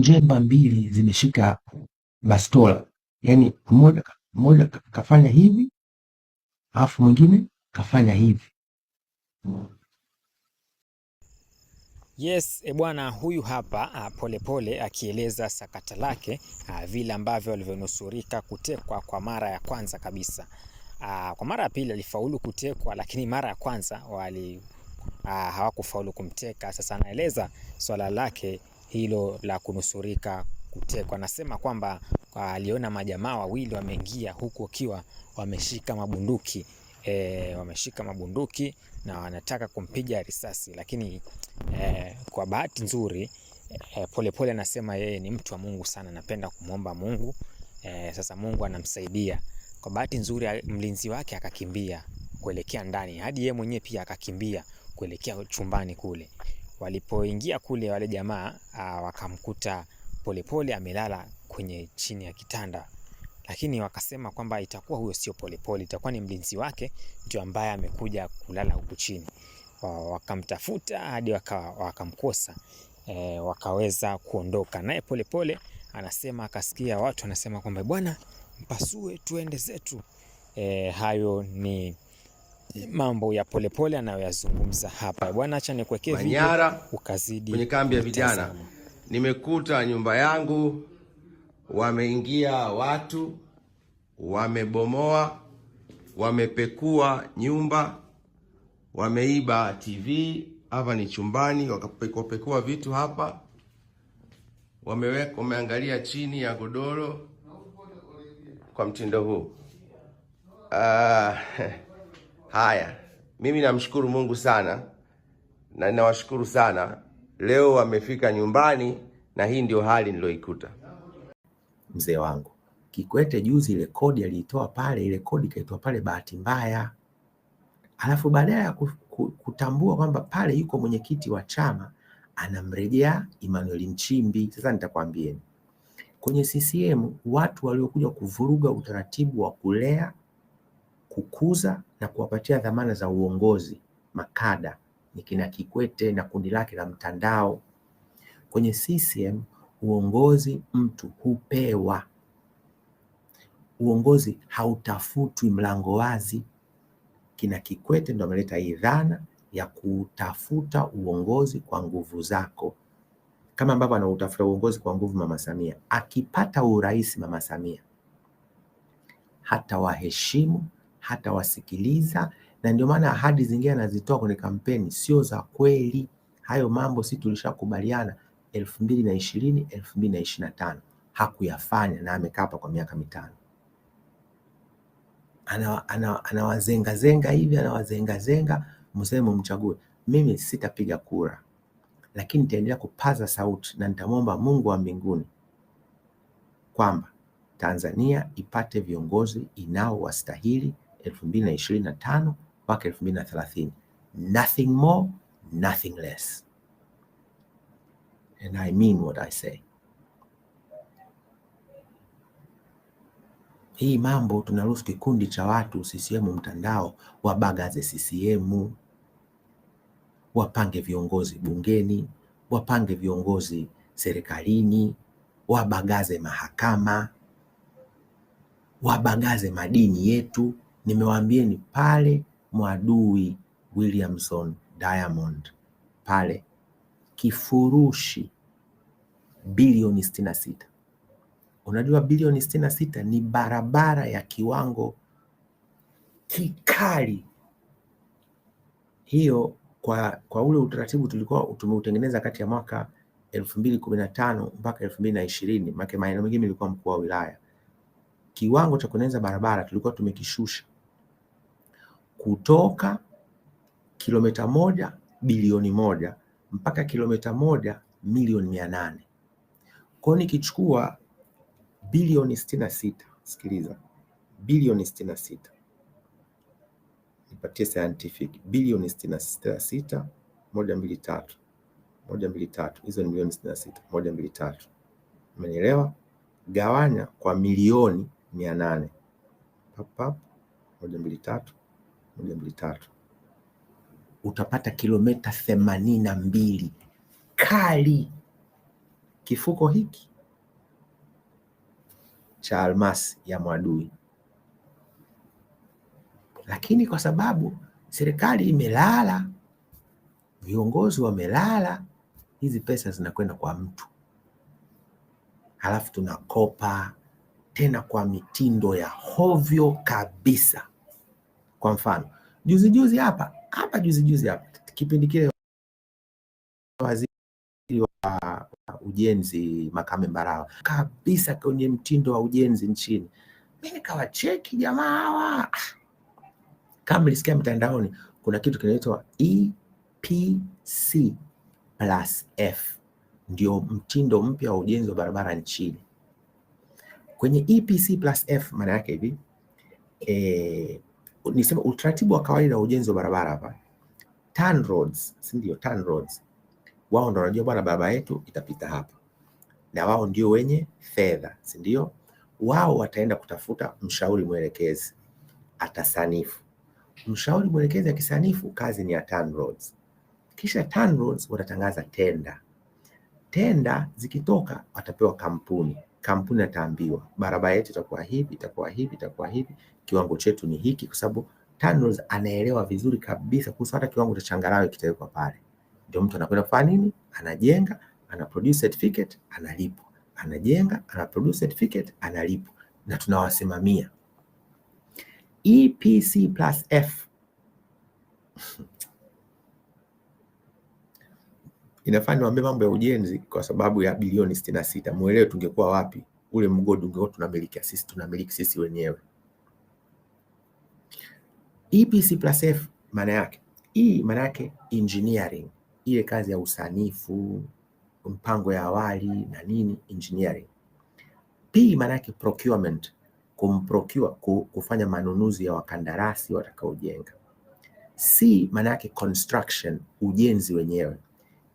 njemba mbili zimeshika bastola, yani mmoja mmoja kafanya hivi alafu mwingine kafanya hivi. Yes, e bwana huyu hapa Polepole pole, akieleza sakata lake vile ambavyo alivyonusurika kutekwa kwa mara ya kwanza kabisa. Kwa mara ya pili alifaulu kutekwa, lakini mara ya kwanza wali hawakufaulu kumteka. Sasa anaeleza swala lake hilo la kunusurika kutekwa. Anasema kwamba aliona majamaa wawili wameingia huku wakiwa wameshika mabunduki e, wameshika mabunduki na wanataka kumpiga risasi, lakini e, kwa bahati nzuri Polepole eh, anasema pole, yeye ni mtu wa Mungu sana, napenda kumwomba Mungu e, sasa Mungu anamsaidia. Kwa bahati nzuri mlinzi wake akakimbia kuelekea ndani, hadi yeye mwenyewe pia akakimbia kuelekea chumbani kule. Walipoingia kule wale jamaa uh, wakamkuta Polepole amelala kwenye chini ya kitanda, lakini wakasema kwamba itakuwa huyo sio Polepole, itakuwa ni mlinzi wake ndio ambaye amekuja kulala huku chini. Wakamtafuta hadi wakamkosa, e, wakaweza kuondoka naye. Polepole anasema akasikia watu wanasema kwamba bwana, mpasue tuende zetu. E, hayo ni mambo ya polepole anayoyazungumza hapa. Bwana, acha nikuwekee Manyara ukazidi kwenye kambi ya vijana. Nimekuta nyumba yangu, wameingia watu, wamebomoa, wamepekua nyumba, wameiba TV hapa ni chumbani, wakapekua vitu hapa, wameweka wameangalia chini ya godoro kwa mtindo huu uh, Haya, mimi namshukuru Mungu sana na ninawashukuru sana leo wamefika nyumbani, na hii ndio hali niloikuta. Mzee wangu Kikwete juzi ile kodi aliitoa pale, ile kodi ikaitoa pale bahati mbaya, alafu baadaye ya kutambua kwamba pale yuko mwenyekiti wa chama anamrejea Emmanuel Nchimbi. Sasa nitakwambieni kwenye CCM watu waliokuja kuvuruga utaratibu wa kulea kukuza na kuwapatia dhamana za uongozi makada ni kina Kikwete na kundi lake la mtandao. Kwenye CCM uongozi mtu hupewa, uongozi hautafutwi mlango wazi. Kina Kikwete ndo ameleta hii dhana ya kutafuta uongozi kwa nguvu zako, kama ambavyo anautafuta uongozi kwa nguvu Mama Samia. Akipata urais Mama Samia waheshimu hatawasikiliza na ndio maana ahadi zingine anazitoa kwenye kampeni sio za kweli. Hayo mambo si tulishakubaliana elfu mbili na ishirini elfu mbili na ishirini na tano hakuyafanya na amekapa kwa miaka mitano anawazengazenga ana, ana hivi anawazengazenga, mseme mchague. Mimi sitapiga kura, lakini nitaendelea kupaza sauti na nitamwomba Mungu wa mbinguni kwamba Tanzania ipate viongozi inaowastahili. 2025 mpaka 2030. Nothing more, nothing less. And I mean what I say. Hii mambo tunaruhusu kikundi cha watu CCM mtandao wabagaze CCM, wapange viongozi bungeni, wapange viongozi serikalini, wabagaze mahakama, wabagaze madini yetu ni pale Mwadui Williamson Diamond pale kifurushi bilioni sitini na sita. Unajua bilioni sitini na sita ni barabara ya kiwango kikali. Hiyo kwa, kwa ule utaratibu tulikuwa tumeutengeneza kati ya mwaka elfu mbili kumi na tano mpaka elfu mbili na ishirini make maeneo mengine ilikuwa mkuu wa wilaya. Kiwango cha kueneza barabara tulikuwa tumekishusha kutoka kilomita moja bilioni moja mpaka kilomita moja milioni mia nane kwao nikichukua bilioni sitini na sita sikiliza, bilioni sitini na sita nipatie scientific bilioni sitini na sita moja mbili tatu moja mbili tatu hizo ni milioni sitini na sita moja mbili tatu umenielewa? Gawanya kwa milioni mia nane papap moja mbili tatu moja mbili tatu, utapata kilomita themanini na mbili kali. Kifuko hiki cha almasi ya mwadui, lakini kwa sababu serikali imelala, viongozi wamelala, hizi pesa zinakwenda kwa mtu, halafu tunakopa tena kwa mitindo ya hovyo kabisa. Kwa mfano juzi juzi hapa hapa juzi juzi hapa kipindi kile waziri wa ujenzi Makame Mbarawa kabisa kwenye mtindo wa ujenzi nchini, mimi cheki jamaa hawa. Ah, kama mlisikia mtandaoni, kuna kitu kinaitwa EPC plus F, ndio mtindo mpya wa ujenzi wa barabara nchini. Kwenye EPC plus F maana yake hivi e, nisema utaratibu wa kawaida wa ujenzi wa barabara hapa TANROADS, si ndio? TANROADS wao ndio wanajua bwana, baba yetu itapita hapa, na wao ndio wenye fedha, si ndio? Wao wataenda kutafuta mshauri mwelekezi atasanifu. Mshauri mwelekezi akisanifu, kazi ni ya TANROADS. Kisha TANROADS watatangaza tenda. Tenda zikitoka, watapewa kampuni. Kampuni ataambiwa barabara yetu itakuwa hivi, itakuwa hivi, itakuwa hivi, kiwango chetu ni hiki, kwa sababu TANROADS anaelewa vizuri kabisa kuhusu hata kiwango cha changarawe kitawekwa pale. Ndio mtu anakwenda kufanya nini? Anajenga, ana produce certificate, analipwa, anajenga, ana produce certificate, analipwa, na tunawasimamia. EPC plus F inafaa niwaambie mambo ya ujenzi kwa sababu ya bilioni sitini na sita. Mwelewe tungekuwa wapi, ule mgodi ungekuwa tunamiliki sisi, tunamiliki sisi wenyewe. E f maana yake E, maana yake engineering, ile kazi ya usanifu, mpango ya awali na nini, engineering. P maana yake procurement, kumprocure, kufanya manunuzi ya wakandarasi watakaojenga. C maana yake construction, ujenzi wenyewe.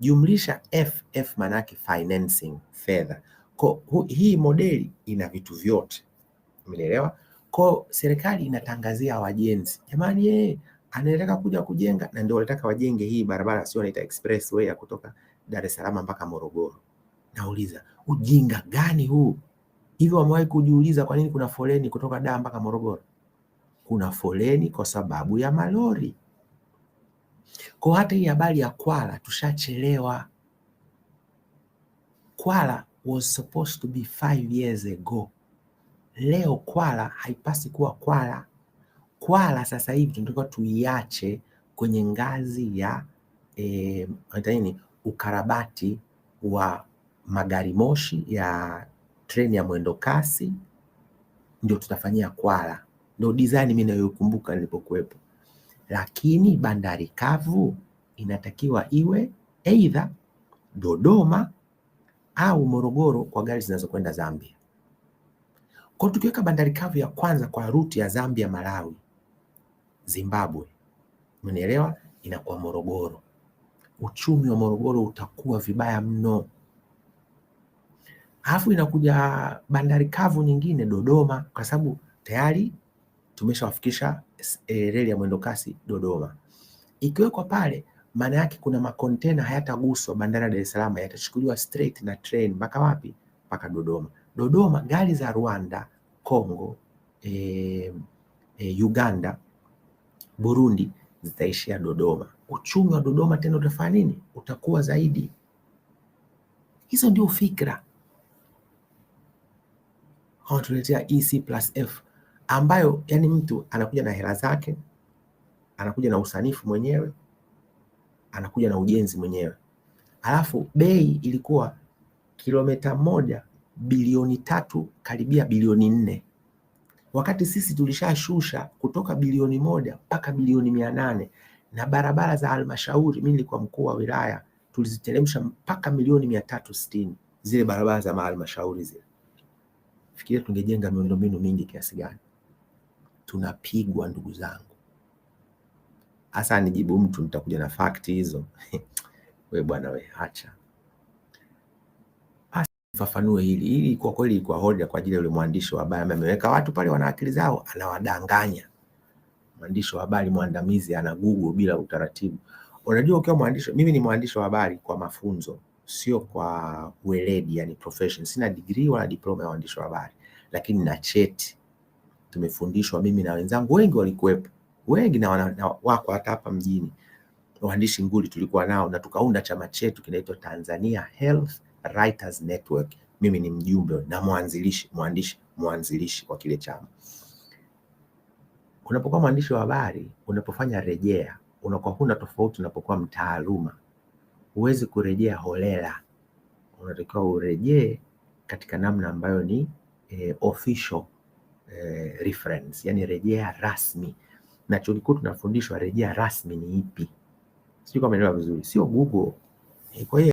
Jumlisha F, F maana yake financing, fedha. Kwa hii modeli ina vitu vyote, umeelewa? Kwa serikali inatangazia wajenzi, jamani, yeye anataka kuja kujenga, na ndio wanataka wajenge hii barabara, sio wanaita expressway ya kutoka Dar es Salaam mpaka Morogoro. Nauliza, ujinga gani huu? Hivyo wamewahi kujiuliza kwa nini kuna foleni kutoka Dar mpaka Morogoro? Kuna foleni kwa sababu ya malori. Kwa hata hii habari ya Kwala tushachelewa. Kwala was supposed to be five years ago. Leo Kwala haipasi kuwa Kwala. Kwala sasa hivi tunatakiwa tuiache kwenye ngazi ya eh, nini ukarabati wa magari moshi ya treni ya mwendo kasi, ndio tutafanyia Kwala. Ndio design mimi nayokumbuka nilipokuwepo, lakini bandari kavu inatakiwa iwe aidha Dodoma au Morogoro kwa gari zinazokwenda Zambia. Kwa tukiweka bandari kavu ya kwanza kwa ruti ya Zambia, Malawi, Zimbabwe, umenielewa, inakuwa Morogoro. Uchumi wa Morogoro utakuwa vibaya mno. Alafu inakuja bandari kavu nyingine Dodoma, kwa sababu tayari tumeshawafikisha e, reli ya mwendokasi Dodoma. Ikiwekwa pale, maana yake kuna makontena hayataguswa bandari ya Dar es Salaam, yatachukuliwa straight na train mpaka wapi? Mpaka Dodoma. Dodoma gari za Rwanda Kongo, eh, eh, Uganda, Burundi zitaishia Dodoma. Uchumi wa Dodoma tena utafanya nini? Utakuwa zaidi. Hizo ndio fikra wanatuletea EC plus F ambayo yani mtu anakuja na hela zake, anakuja na usanifu mwenyewe, anakuja na ujenzi mwenyewe, alafu bei ilikuwa kilomita moja bilioni tatu karibia bilioni nne wakati sisi tulishashusha kutoka bilioni moja mpaka bilioni mia nane na barabara za halmashauri, mimi nilikuwa mkuu wa wilaya, tuliziteremsha mpaka milioni mia tatu sitini zile barabara za halmashauri zile. Fikiria tungejenga miundombinu mingi kiasi gani. Tunapigwa ndugu zangu. Hasa nijibu mtu nitakuja na fakti hizo. We bwana we, acha. Fafanue hili hili, kwa kweli kwa hoja kwa ajili ya yule mwandishi wa habari ambaye ameweka watu pale wana akili zao, anawadanganya. Mwandishi wa habari mwandamizi ana Google bila utaratibu. Unajua, ukiwa mwandishi, mimi ni mwandishi wa habari kwa mafunzo, sio kwa weledi, yani profession. Sina degree wala diploma ya mwandishi wa habari, lakini na cheti tumefundishwa, mimi na wenzangu wengi walikuwepo, wengi na, wana, na wako hata hapa mjini, waandishi nguli tulikuwa nao, na tukaunda chama chetu kinaitwa Tanzania Health Writers Network. Mimi ni mjumbe na mwanzilishi, mwandishi, mwanzilishi wa kile chama. Unapokuwa mwandishi wa habari, unapofanya rejea, unakuwa huna tofauti. Unapokuwa mtaaluma, huwezi kurejea holela, unatakiwa urejee katika namna ambayo ni eh, official eh, reference, yani rejea rasmi. Na chuo kikuu tunafundishwa rejea rasmi ni ipi? Sijui kama naelewa vizuri, sio Google. Kwa hiyo